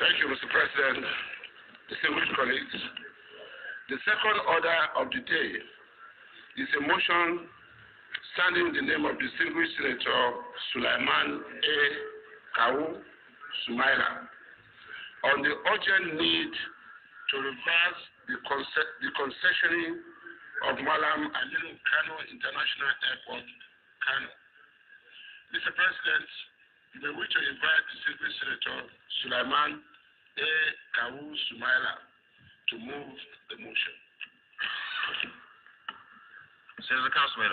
Thank you, Mr. President, distinguished colleagues. The second order of the day is a motion standing in the name of distinguished Senator Sulaiman A. Kau Sumaila on the urgent need to reverse the, conce- the concessioning of Malam Aminu Kano International Airport, Kano. Mr. President, in which I invite Secretary Senator Sulaiman A. Kawu Sumaila to move the motion. Senator Kawu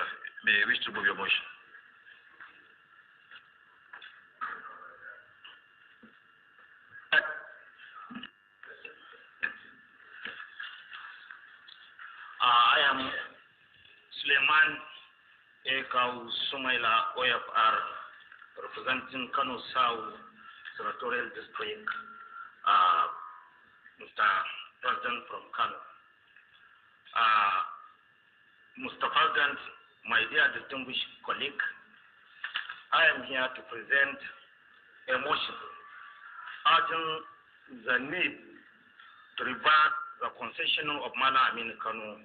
may I wish to move your motion. Uh, I am Suleiman Ekau Sumaila OFR representing Kano South Senatorial District, uh, Mr. President from Kano. Uh, Mr. President, my dear distinguished colleague, I am here to present a motion urging the need to revert the concession of Mana Amin Kano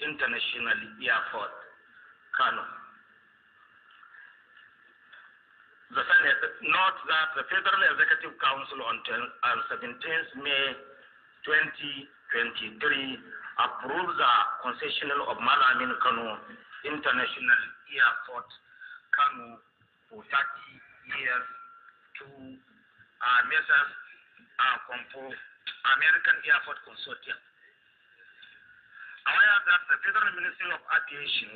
International Airport, Kano. The Senate, note that the Federal Executive Council on, 17th May 2023 approved the concession of Malamin Kanu International Airport Kanu for 30 years to uh, Messrs. Uh, American Airport Consortium. Aware that the Federal Ministry of Aviation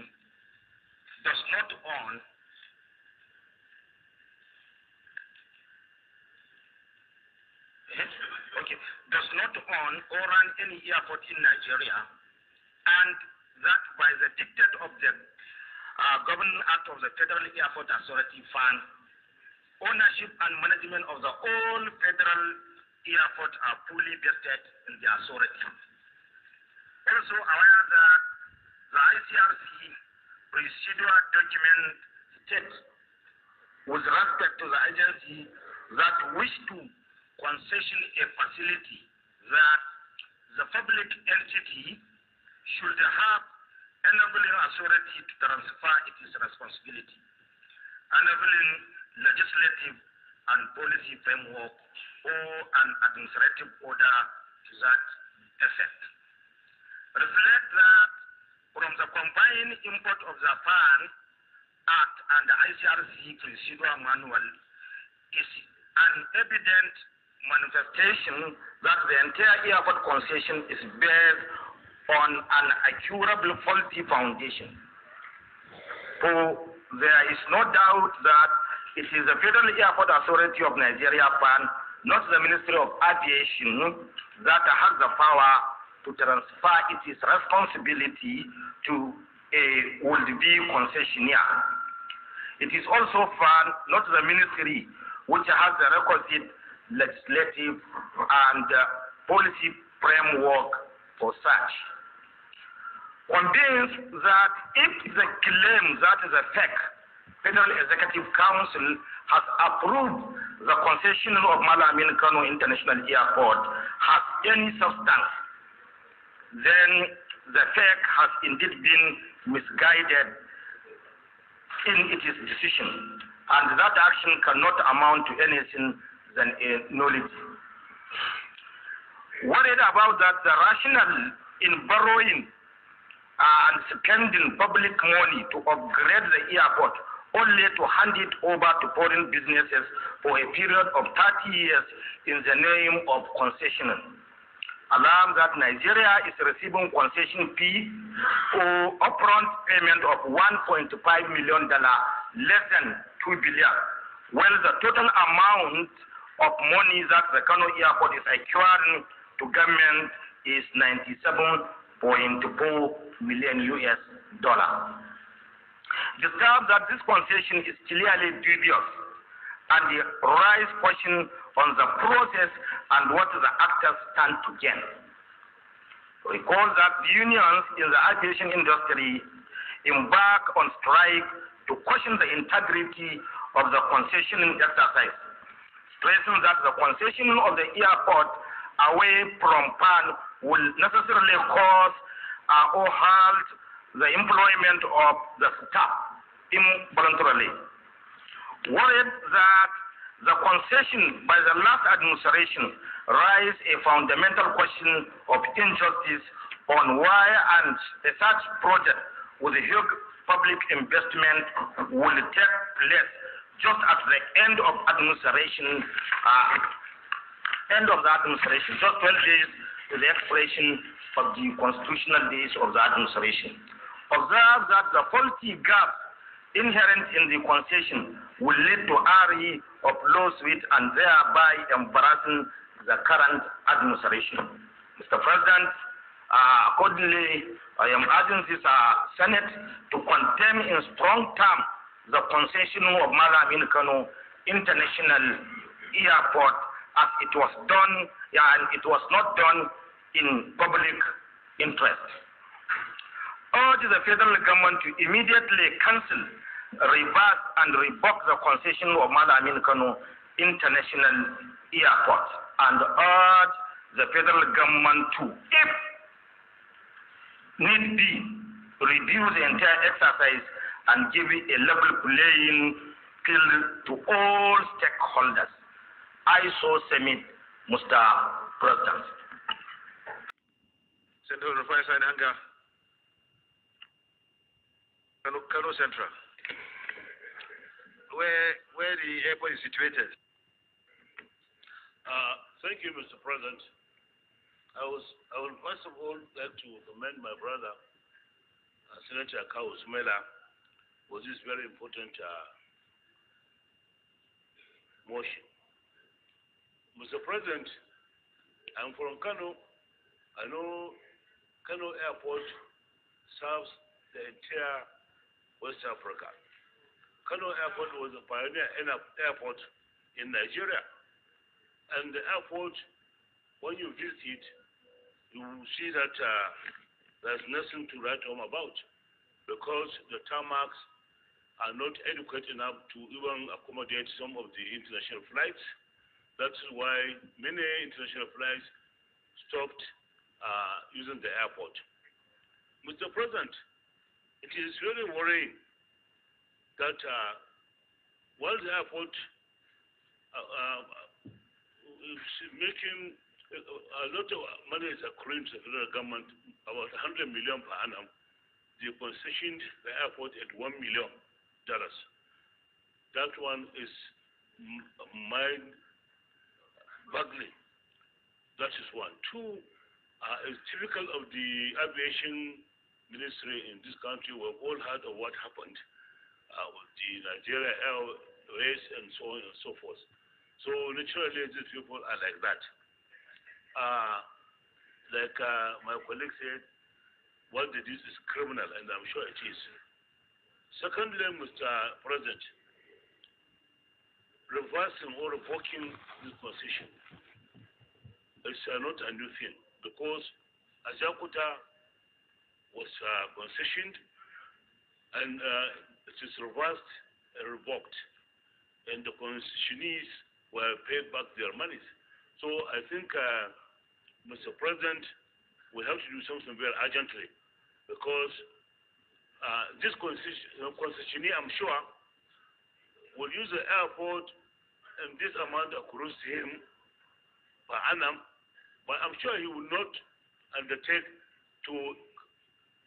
does not own okay, does not own or run any airport in Nigeria, and that by the dictate of the uh, Governing Act of the Federal Airport Authority Fund, ownership and management of the all federal airport are fully vested in the authority. Also aware that the ICRC residual document states with respect to the agency that wish to concession a facility that the public entity should have enabling authority to transfer its responsibility, enabling legislative and policy framework or an administrative order to that effect. Reflect that from the combined import of the FAN Act and the ICRC Procedure manual is an evident manifestation that the entire airport concession is based on an incurably faulty foundation. For there is no doubt that it is the Federal Airport Authority of Nigeria, PAN, not the Ministry of Aviation, that has the power to transfer its responsibility to a would-be concessionaire. It is also found not the Ministry, which has the requisite legislative and uh, policy framework for such. Convinced that if the claim that is a fake, Federal Executive Council has approved the concession of Malamin Kano International Airport has any substance, then the fake has indeed been misguided in its decision, and that action cannot amount to anything than a knowledge. Worried about that the rational in borrowing uh, and spending public money to upgrade the airport only to hand it over to foreign businesses for a period of 30 years in the name of concession. Alarm that Nigeria is receiving concession fee or upfront payment of $1.5 million, less than $2 billion, when the total amount of money that the Kano Airport is acquiring to government is 97.4 million US dollar. Described that this concession is clearly dubious and the rise question on the process and what the actors stand to gain. Recall that the unions in the aviation industry embark on strike to question the integrity of the concession exercise stressing that the concession of the airport away from Pan will necessarily cause uh, or halt the employment of the staff involuntarily. Worried that the concession by the last administration raised a fundamental question of injustice on why and such project with a huge public investment will take place just at the end of administration, uh, end of the administration, just 12 days to the expiration of the constitutional days of the administration. Observe that the faulty gap inherent in the concession will lead to array of lawsuits and thereby embarrassing the current administration. Mr. President, uh, accordingly, I am urging this uh, Senate to condemn in strong terms the concession of Mala bin International Airport as it was done yeah, and it was not done in public interest. Urge the federal government to immediately cancel, reverse, and revoke the concession of Mala Amin International Airport and urge the federal government to, if need be, reduce the entire exercise and give a level playing field to all stakeholders. I so submit, Mr. President. Central Refinery Hanga. Kano, Kano Central. Where, where the airport is situated. Uh, thank you, Mr. President. I, was, I would first of all like to commend my brother, uh, Senator Kao Smela was this very important uh, motion. Mr. President, I'm from Kano. I know Kano Airport serves the entire West Africa. Kano Airport was a pioneer airport in Nigeria. And the airport, when you visit it, you see that uh, there's nothing to write home about because the tarmacs are not adequate enough to even accommodate some of the international flights. That's why many international flights stopped uh, using the airport. Mr. President, it is really worrying that uh, while the airport uh, uh, is making uh, a lot of money is accruing to the federal government, about 100 million per annum, they concessioned the airport at 1 million dollars. That one is mind boggling. That is one. Two uh, is typical of the aviation ministry in this country. We've all heard of what happened uh, with the Nigeria Airways and so on and so forth. So naturally, these people are like that. Uh, like uh, my colleague said, what they do is criminal, and I'm sure it is. Secondly, Mr. President, reversing or revoking this position. It's uh, not a new thing because Azakuta was uh, concessioned and uh, it is reversed and revoked. And the concessionees were paid back their monies. So I think, uh, Mr. President, we have to do something very urgently because uh, this concessionaire, uh, I'm sure, will use the airport and this amount accrues to him per annum, but I'm sure he will not undertake to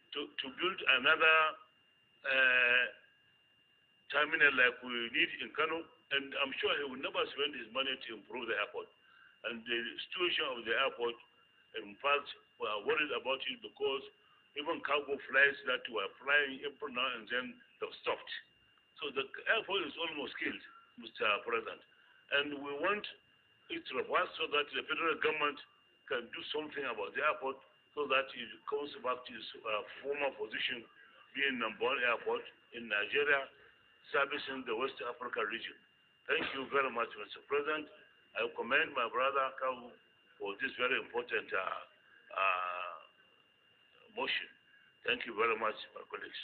to, to build another uh, terminal like we need in Kano, and I'm sure he will never spend his money to improve the airport. And the situation of the airport, in fact, we are worried about it because even cargo flights that were flying April now and then have stopped. So the Air Force is almost killed, Mr. President. And we want it reversed so that the federal government can do something about the airport so that it comes back to its uh, former position being number one airport in Nigeria, servicing the West Africa region. Thank you very much, Mr. President. I commend my brother Kau for this very important uh, uh, motion. Thank you very much, my colleagues.